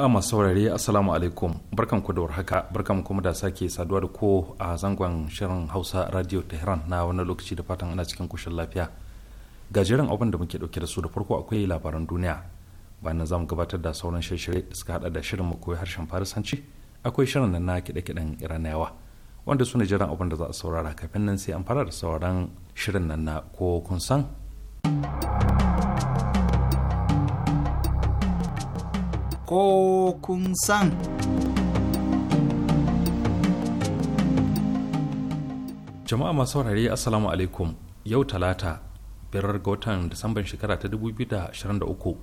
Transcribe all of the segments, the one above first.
jama'a masu saurare assalamu alaikum barkan ku da warhaka barkan kuma da sake saduwa da ko a zangon shirin hausa radio tehran na wani lokaci da fatan ana cikin kushin lafiya gajeren abin da muke dauke da su da farko akwai labaran duniya bayan za mu gabatar da sauran shirye-shirye suka hada da shirin mu koyi harshen farisanci akwai shirin nan na kiɗe-kiɗen iranewa wanda su ne jiran abin da za a saurara kafin nan sai an fara da sauran shirin nan na ko kun san ko kun san. Jama'a masu saurare Assalamu alaikum yau talata birar ga watan Disamban shekara ta 2023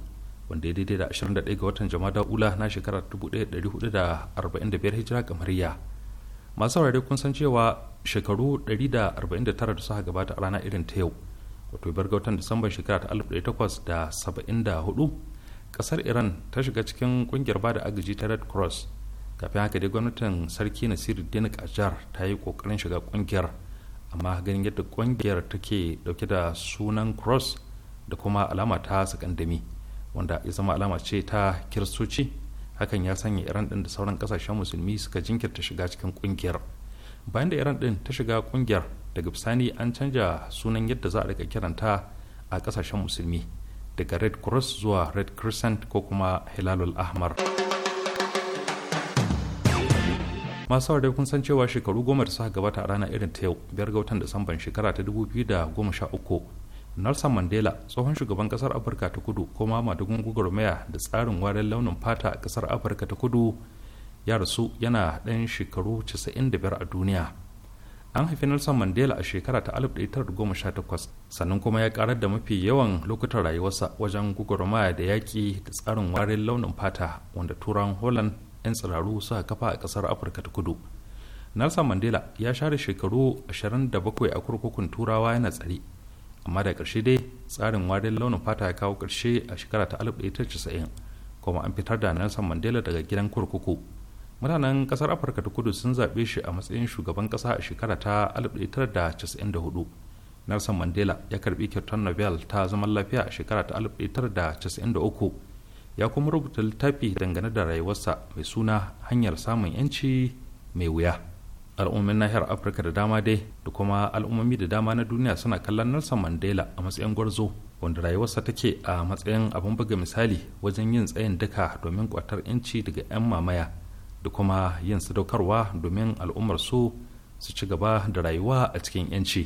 wanda ya daidai da 21 ga watan jama'a ula na shekara 1445 hijira kamariya. Masu saurari kun san cewa shekaru 149 da suka gabata a rana irin ta yau wato birar ga watan Disamban shekara ta 1874 kasar iran ta shiga cikin kungiyar bada agaji ta red cross kafin haka dai gwamnatin sarki nasiru dinik ajar ta yi kokarin shiga kungiyar amma ganin yadda kungiyar take dauke da sunan cross da kuma alama ta sakandami wanda ya zama alama ce ta kiristoci hakan ya sanya iran din da sauran kasashen musulmi suka jinkirta shiga cikin kungiyar bayan da iran din ta shiga kungiyar daga bisani an canja sunan yadda za a rika kiranta a kasashen musulmi daga red cross zuwa red crescent ko kuma hilalul ahmar masu da kun san cewa shekaru goma da suka gabata a rana irin ta yau biyar ga watan disamban shekara ta 2013 nelson mandela tsohon shugaban kasar afirka ta kudu kuma madugun maya da tsarin warin launin fata a kasar afirka ta kudu ya rasu yana ɗan shekaru 95 a duniya an haifi nelson mandela a shekara ta 1918 sannan kuma ya karar da mafi yawan lokutan rayuwarsa wajen gugurmaya da yaƙi da tsarin warin launin fata wanda turan holland 'yan tsiraru suka kafa a ƙasar afirka ta kudu nelson mandela ya share shekaru 27 a kurkukun turawa yana tsari amma da ƙarshe dai tsarin warin launin fata ya kawo ƙarshe a shekara ta 1990 kuma an fitar da nelson mandela daga gidan kurkuku mutanen kasar afirka ta kudu sun zaɓe shi a matsayin shugaban ƙasa a shekara ta 1994 nelson mandela ya karbi kyautar nobel ta zaman lafiya a shekara ta 1993 ya kuma rubuta littafi dangane da rayuwarsa mai suna hanyar samun yanci mai wuya al'ummin nahiyar afirka da dama dai da kuma al'ummomi da dama na duniya suna kallon nelson mandela a matsayin gwarzo wanda rayuwarsa take a matsayin abin buga misali wajen yin tsayin duka domin kwatar yanci daga 'yan mamaya da kuma yin sadaukarwa domin al'ummar su su ci gaba da rayuwa a cikin 'yanci.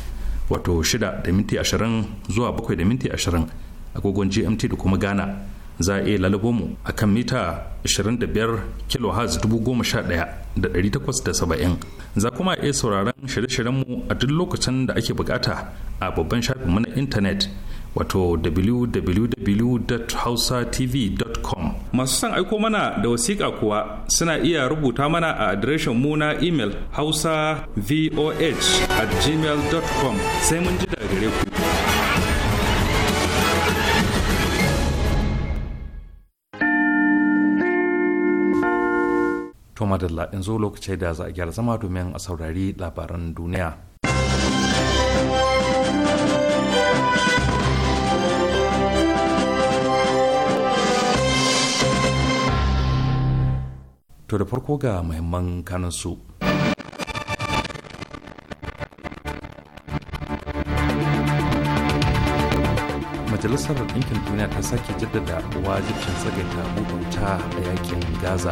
wato 6 da minti 20 zuwa 7 da minti 20 agogon gmt da kuma ghana za a iya lalubo mu a kan mita 25 kilohertz 11870 za kuma iya sauraron shirye-shiryen mu a duk lokacin da ake bukata a babban shafinmu na intanet wato www.hausatv.com masu son aiko mana da wasiƙa kuwa suna iya rubuta mana a adireshin mu na imel hausa voh at gmail.com sai mun ji daga gare ku. Toma da in zo lokacin da za a gyara zama domin a saurari labaran duniya. To da farko ga muhimman kanansu. su. majalisar ɗinkin duniya ta sake jaddada wajibcin tsagaita wuta a yakin gaza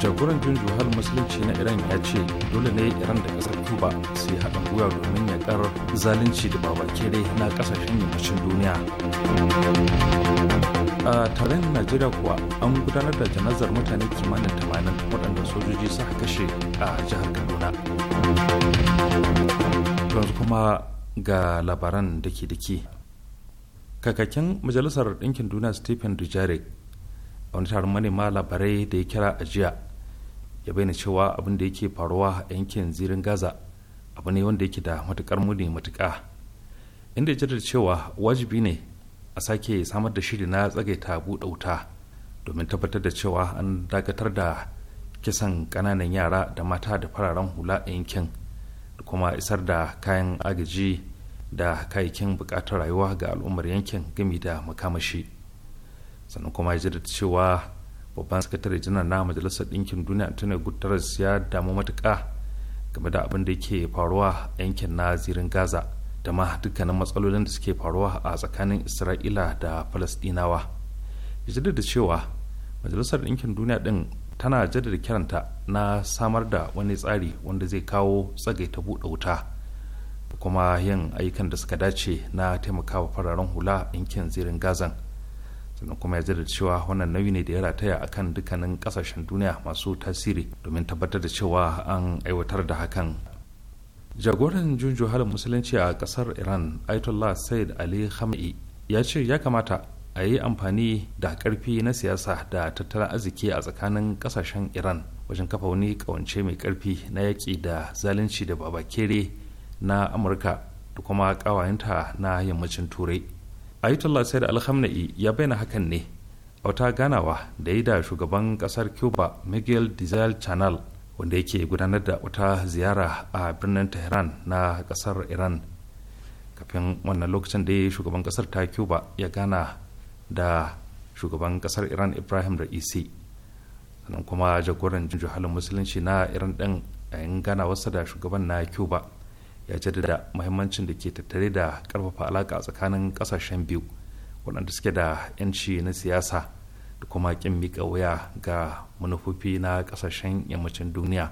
jagoran jin Hal musulunci na iran ya ce dole ne iran da ƙasar cuba su yi haɗin gwiwa domin yaƙar zalunci da babakere na ƙasashen yammacin duniya a taron najeriya kuwa an gudanar da janazar mutane kimanin tamanin, waɗanda sojoji suka kashe a jihar kaduna yanzu kuma ga labaran da ke dake kakakin majalisar ɗinkin duniya stephen dujarik a wani taron manema labarai da ya kira a jiya ya bayyana cewa abin da yake faruwa a yankin zirin gaza abu ne wanda yake da matukar muni matuka inda ya cewa wajibi ne a sake samar da shiri na tsagaita buɗe wuta domin tabbatar da cewa an dakatar da kisan ƙananan yara da mata da fararen hula a yankin kuma isar da kayan agaji da kayakin bukatar rayuwa ga al'ummar yankin gami da makamashi sannan kuma ya da cewa babban sakatare janar na majalisar ɗinkin duniya antonio guterres ya damu matuka. game da abin da yake faruwa a yankin na zirin gaza da ma dukkanin matsalolin da suke faruwa a tsakanin isra'ila da Falasdinawa ya da cewa majalisar ɗinkin duniya ɗin tana jaddada kiranta na samar da wani tsari wanda zai kawo tsagaita buɗe wuta kuma yin ayyukan da suka dace na taimakawa fararen hula yankin zirin gazan sannan kuma ya jaddada cewa wannan nauyi ne da ya rataya a kan dukkanin ƙasashen duniya masu tasiri domin tabbatar da cewa an aiwatar da hakan jagoran junjo halin musulunci a ƙasar iran ayatollah said ali khamenei ya ce ya kamata a yi amfani da karfi na siyasa da tattalin arziki a tsakanin ƙasashen iran wajen kafa wani ƙawance mai ƙarfi na yaƙi da zalunci da baba babakere na amurka da kuma ƙawayenta na yammacin turai ayatollah said alhamna'i ya bayyana hakan ne a wata ganawa da ya da shugaban kasar cuba miguel dizel channel wanda yake gudanar da wata ziyara a birnin tehran na kasar iran kafin wannan lokacin da shugaban kasar ta cuba ya gana da shugaban kasar iran ibrahim ra'isi sannan kuma jagoran halin musulunci na iran din a yin ganawarsa da shugaban na cuba ya jaddada mahimmancin da ke tattare da karfafa alaka tsakanin kasashen biyu waɗanda suke da 'yanci na siyasa da kuma kin mika wuya ga manufofi na kasashen yammacin duniya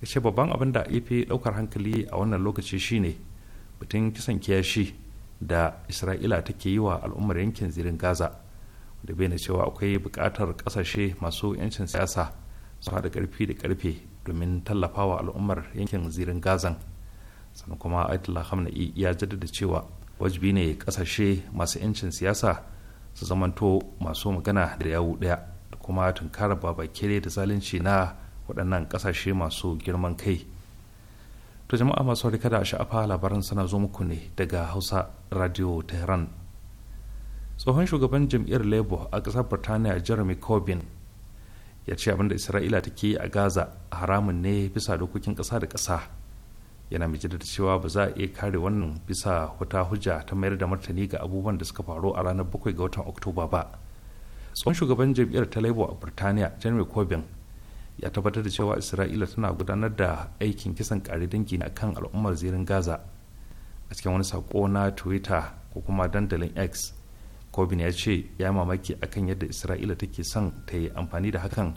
ya ce babban abin da ya fi ɗaukar hankali a wannan lokaci shine batun kisan kiyashi da isra'ila take yi wa al'ummar yankin zirin gaza da bai na cewa akwai buƙatar ƙasashe masu 'yancin siyasa su haɗa ƙarfi da ƙarfe domin tallafa wa al'ummar yankin zirin gazan sannan kuma ayatollah hamna'i ya jaddada cewa wajibi ne ƙasashe masu 'yancin siyasa su zamanto masu magana da yawu ɗaya da kuma tunkarar babakere da zalunci na waɗannan ƙasashe masu girman kai to jama'a masu kada a sha'afa labaran sana zo muku ne daga hausa radio tehran tsohon shugaban jam'iyyar labour a ƙasar birtaniya jeremy corbyn ya ce abinda isra'ila ta take a gaza haramun ne bisa dokokin ƙasa da ƙasa yana mai jaddada cewa ba za a iya kare wannan bisa wata hujja ta mayar da martani ga abubuwan da suka faru a ranar 7 ga watan oktoba ba tsohon shugaban jam'iyyar ta labour a birtaniya jeremy corbyn ya tabbatar da cewa isra'ila tana gudanar da aikin kisan kare dangi a kan al'ummar zirin gaza a cikin wani sako na twitter ko kuma dandalin x kobin ya ce ya yi mamaki akan yadda isra'ila take son ta yi amfani da hakan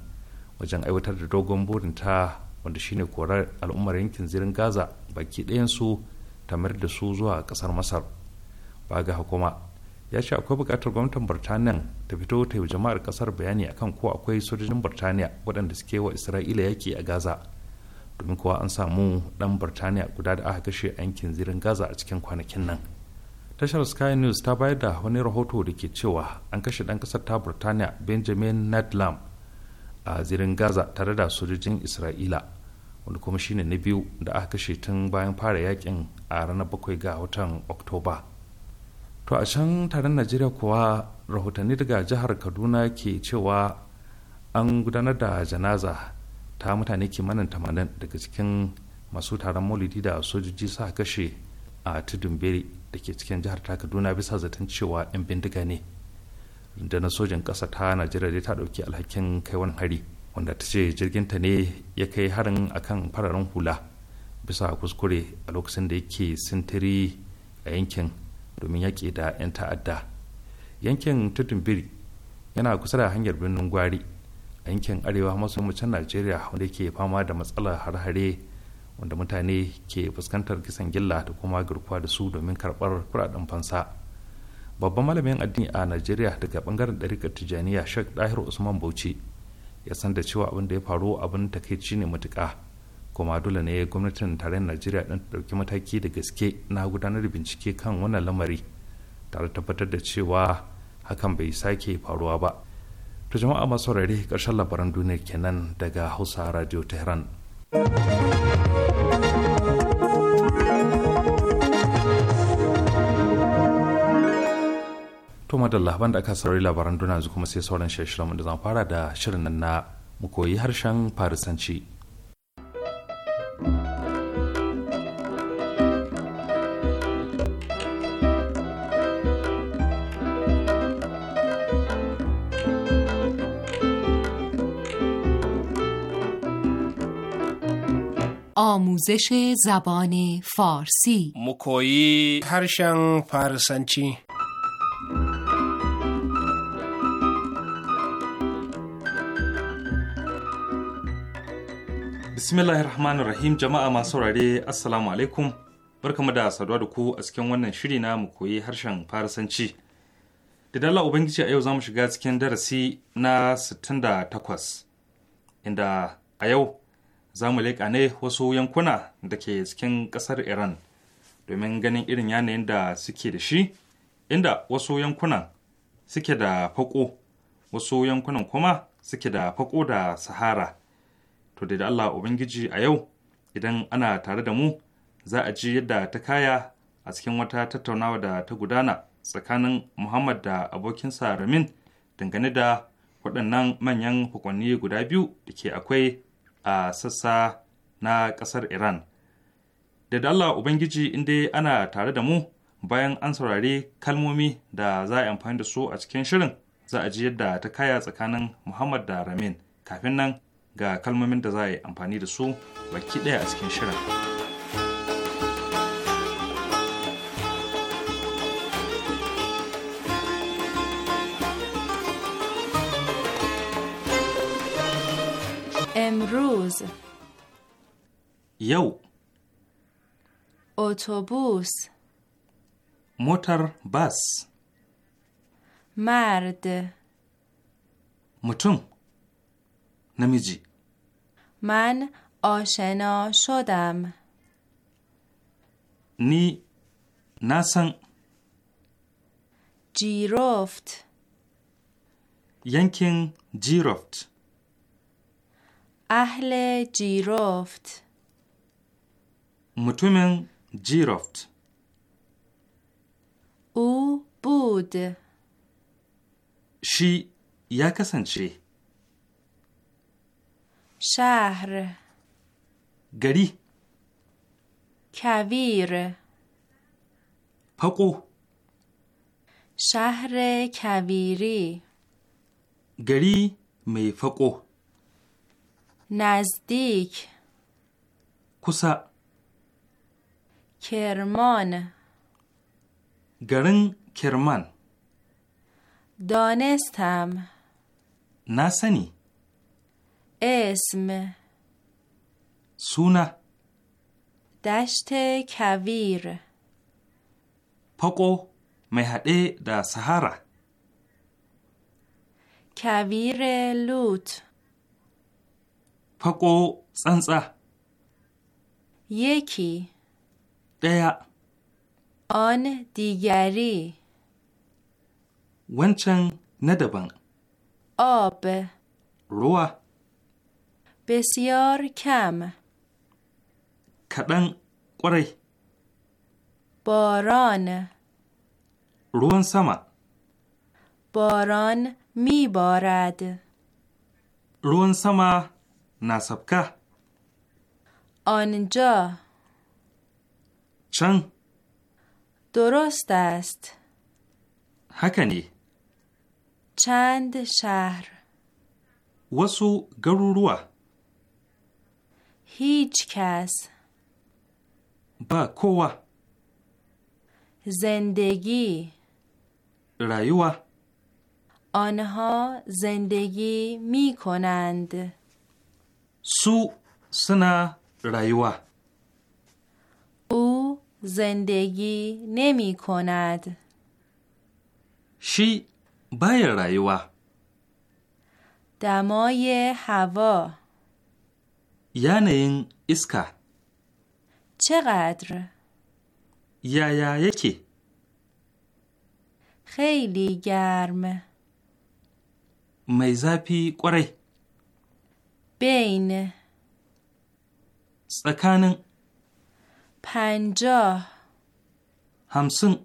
wajen aiwatar da dogon burin ta wanda shine korar al'ummar yankin zirin gaza baki ɗayansu ta mayar da su zuwa ƙasar masar ba ga hukuma ya ce akwai buƙatar gwamnatin birtaniya ta fito ta yi jama'ar ƙasar bayani akan ko akwai sojojin birtaniya waɗanda suke wa isra'ila yaki a gaza domin kowa an samu dan birtaniya guda da aka kashe yankin zirin gaza a cikin kwanakin nan tashar sky news ta bayar da wani rahoto da ke cewa an kashe dan kasar ta birtaniya benjamin nadlam a zirin gaza tare da sojojin isra'ila wanda kuma shine na biyu da aka kashe tun bayan fara yakin a ranar bakwai ga watan oktoba to a can taron najeriya kuwa rahotanni daga jihar kaduna ke cewa an gudanar da janaza ta mutane ke manan tamanin daga cikin masu taron maulidi da sojoji sa kashe a tudun da ke cikin jihar ta kaduna bisa zaton cewa 'yan bindiga ne da na sojan ƙasa ta najeriya dai ta ɗauki alhakin kai wani hari wanda ta ce jirginta ne ya kai harin akan fararen hula bisa kuskure a lokacin da yake sintiri a yankin domin yaƙi da 'yan ta'adda yankin tudun biri yana kusa da hanyar birnin gwari yankin arewa maso yammacin najeriya wanda ke fama da matsalar har-hare wanda mutane ke fuskantar kisan gilla da kuma garkuwa da su domin karɓar kuɗaɗen fansa babban malamin addini a najeriya daga bangaren ɗarikar tijjaniya shek dahir usman bauchi ya san da cewa abin da ya faru abin takaici ne matuƙa kuma dole ne gwamnatin tarayyar najeriya ɗin ɗauki mataki da gaske na gudanar da bincike kan wannan lamari tare tabbatar da cewa hakan bai sake faruwa ba To jama'a masu saurari ƙarshen labaran duniya kenan daga hausa radio tehran to madalla da aka saurari labaran duniya yanzu kuma sai sauran shirin da zan fara da shirin nan na mu koyi harshen farisanci آموزش زبان فارسی مکویی هرشن فارسنچی bismillahi rahmanir rahim jama'a masu saurare assalamu alaikum barkamu da saduwa da ku a cikin wannan shiri na mu koyi harshen farisanci da dala ubangiji a yau za mu shiga cikin darasi na 68 inda a yau za mu leƙa ne wasu yankuna da ke cikin ƙasar Iran domin ganin irin yanayin da suke da shi, inda wasu yankunan suke da faƙo, wasu yankunan kuma suke da faƙo da Sahara. To da Allah Ubangiji a yau, idan ana tare da mu, za a ji yadda ta kaya a cikin wata tattaunawa da ta gudana tsakanin Muhammad da abokinsa Ramin dangane da waɗannan manyan hukunni guda biyu da ke akwai a sassa na ƙasar Iran. Da Allah Ubangiji inda ana tare da mu bayan an saurari kalmomi da za a amfani da su a cikin shirin za a ji yadda ta kaya tsakanin Muhammad da Ramin kafin nan ga kalmomin da za a yi amfani da su baki ɗaya a cikin shirin. روز یو اتوبوس موتر بس مرد متون نمیجی من آشنا شدم نی نسن جیرفت ینکن جیرفت اهل جیرفت متومن جیرفت او بود شی یا کسنچه شهر گری کویر پقو شهر کویری گری میفقو نزدیک کوسا کرمان گرن کرمان دانستم نسنی اسم سونه دشت کویر پاکو مهده دا سهارا کویر لوت fako tsantsa. Yake. Ɗaya. On digari. Wancan na daban. Ob. Ruwa. Besiyar kam. Kaɗan ƙwarai. Boron. Ruwan sama. Boron mi borad. Ruwan sama ناسبکه آنجا چند درست است هکنی چند شهر وسو گروروه هیچ کس با کوه زندگی رایوه آنها زندگی می کنند سو سنا رایوا او زندگی نمی شی بای رایوا دمای هوا یعنی اسکا چقدر یا یا یکی خیلی گرم پی قره بین سکانن پنجاه همسن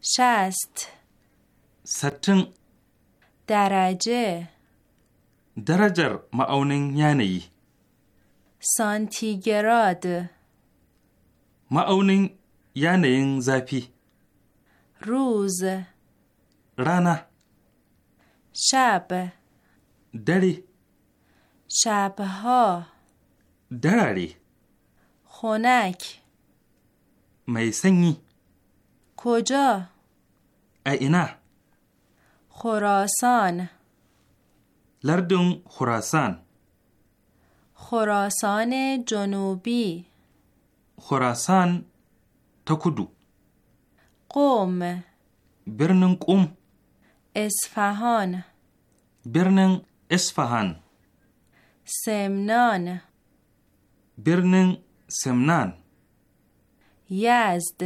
شست ستن درجه درجر معاونن یعنی سانتیگراد معاونن یعنی زفی روز رانه شب دری شبها دراری خنک میسنی کجا اینا خراسان لردن خراسان خراسان جنوبی خراسان تکدو قوم برنن قوم اسفهان برنن اسفهان سمنان برنن سمنان یزد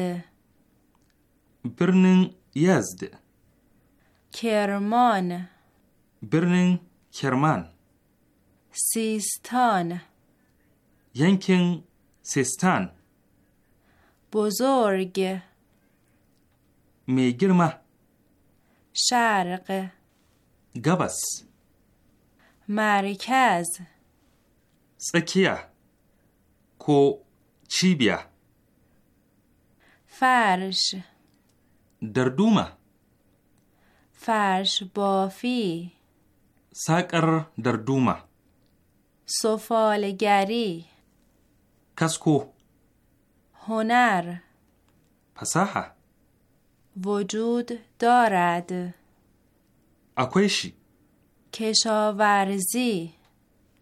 برنن یزد کرمان برنن کرمان سیستان ینکن سیستان بزرگ میگرمه شرق گبس مرکز سکیه کو چیبیا فرش دردومه فرش بافی سکر دردومه سفالگری کسکو هنر پساحه وجود دارد اکویشی کشاورزی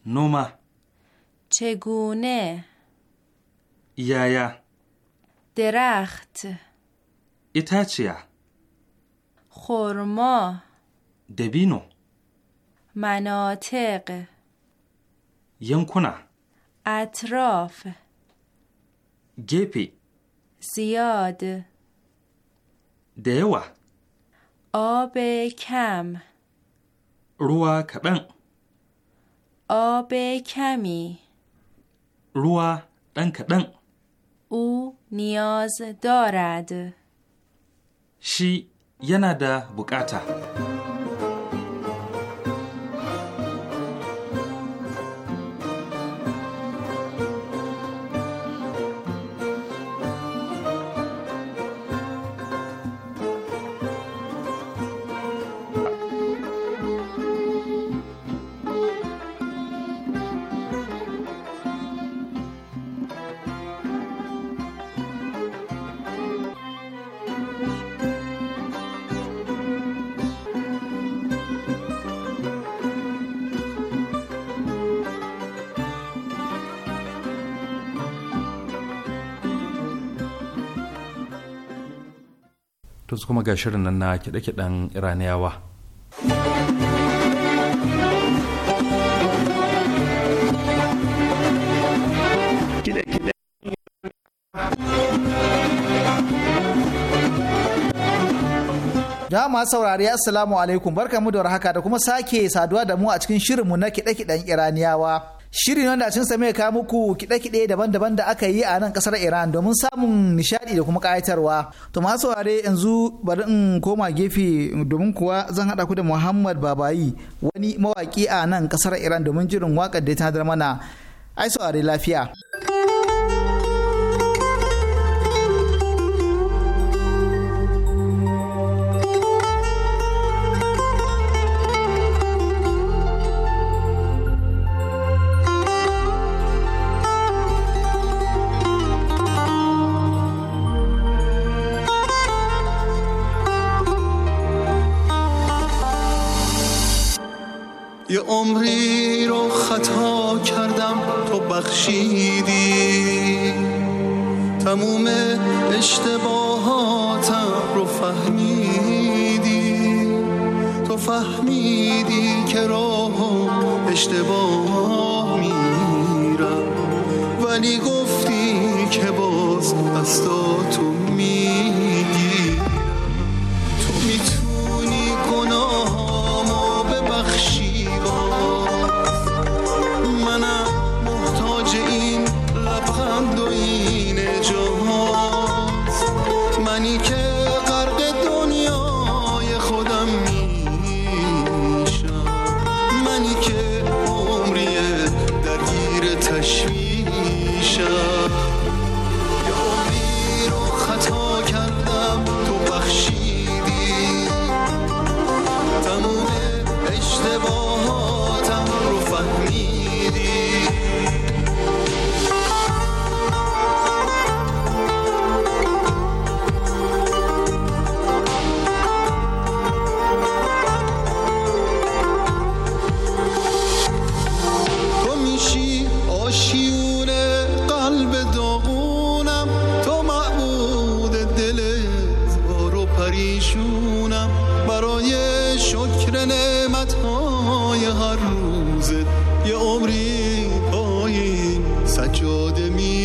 نوما چگونه یا درخت ایتاچیا خورما دبینو مناطق ینکونا اطراف گپی زیاد دیوه آب کم ruwa kaɗan. Obe kami. Ruwa ɗan kaɗan. U niyoz dorad. Shi yana da buƙata. to su kuma ga shirin nan na kiɗe-kiɗen iraniyawa Jama'a saurari Assalamu alaikum barkamu da warhaka da kuma sake saduwa da mu a cikin shirinmu na kiɗe-kiɗen Iraniyawa. shirin wanda cin same ka muku kide-kide daban-daban da aka yi a nan kasar Iran domin samun nishadi da kuma kayatarwa. To masu saurare yanzu bari in koma gefe domin kuwa zan haɗa ku da Muhammad Babayi wani mawaki a nan kasar Iran domin jirin wakar da ta mana. Ai saurare lafiya. روزت یه عمری پایین سجاده می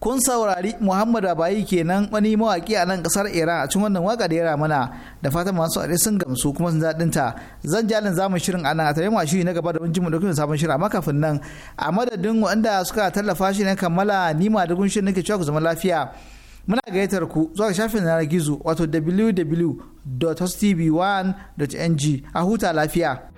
kun saurari muhammad abayi kenan wani mawaki a nan kasar iran a cikin wannan waka da ya mana da fatan masu aure sun gamsu kuma sun daɗin ta zan jalin zamu shirin a nan a tare shiri na gaba da mun ji mu dokin sabon shirin amma kafin nan a madadin wanda suka tallafa shi ne kammala ni ma da gunshin nake cewa ku zama lafiya muna gayyatar ku zuwa shafin yanar gizo wato www.hostv1.ng a huta lafiya.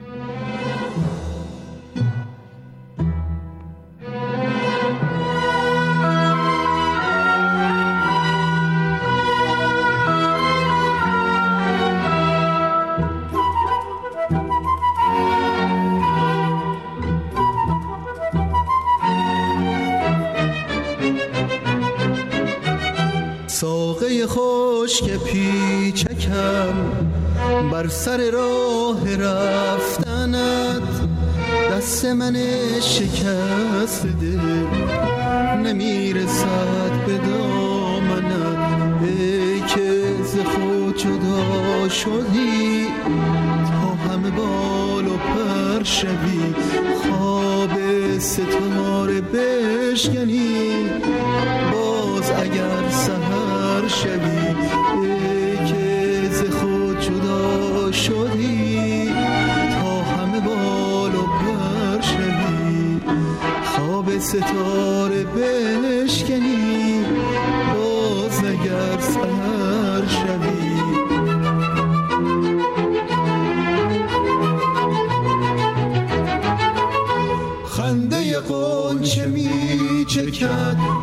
خوش که پیچکم بر سر راه رفتنت دست من شکست دل نمیرسد به دامنت ای که ز خود جدا شدی تا همه بال و پر شوی خواب ستاره بشکنی باز اگر شوی ای که ز خود جدا شدی تا همه بال و پر شوی خواب ستاره کنی باز نگر سهر شوی خنده قنچه می چکد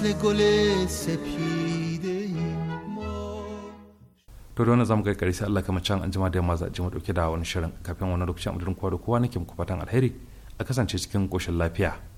فصل گل سپیده zamu kai kare sai Allah kamar can an jima da yamma za a ji mu dauke da wani shirin kafin wani a amudurin kowa da kowa nake muku fatan alheri a kasance cikin koshin lafiya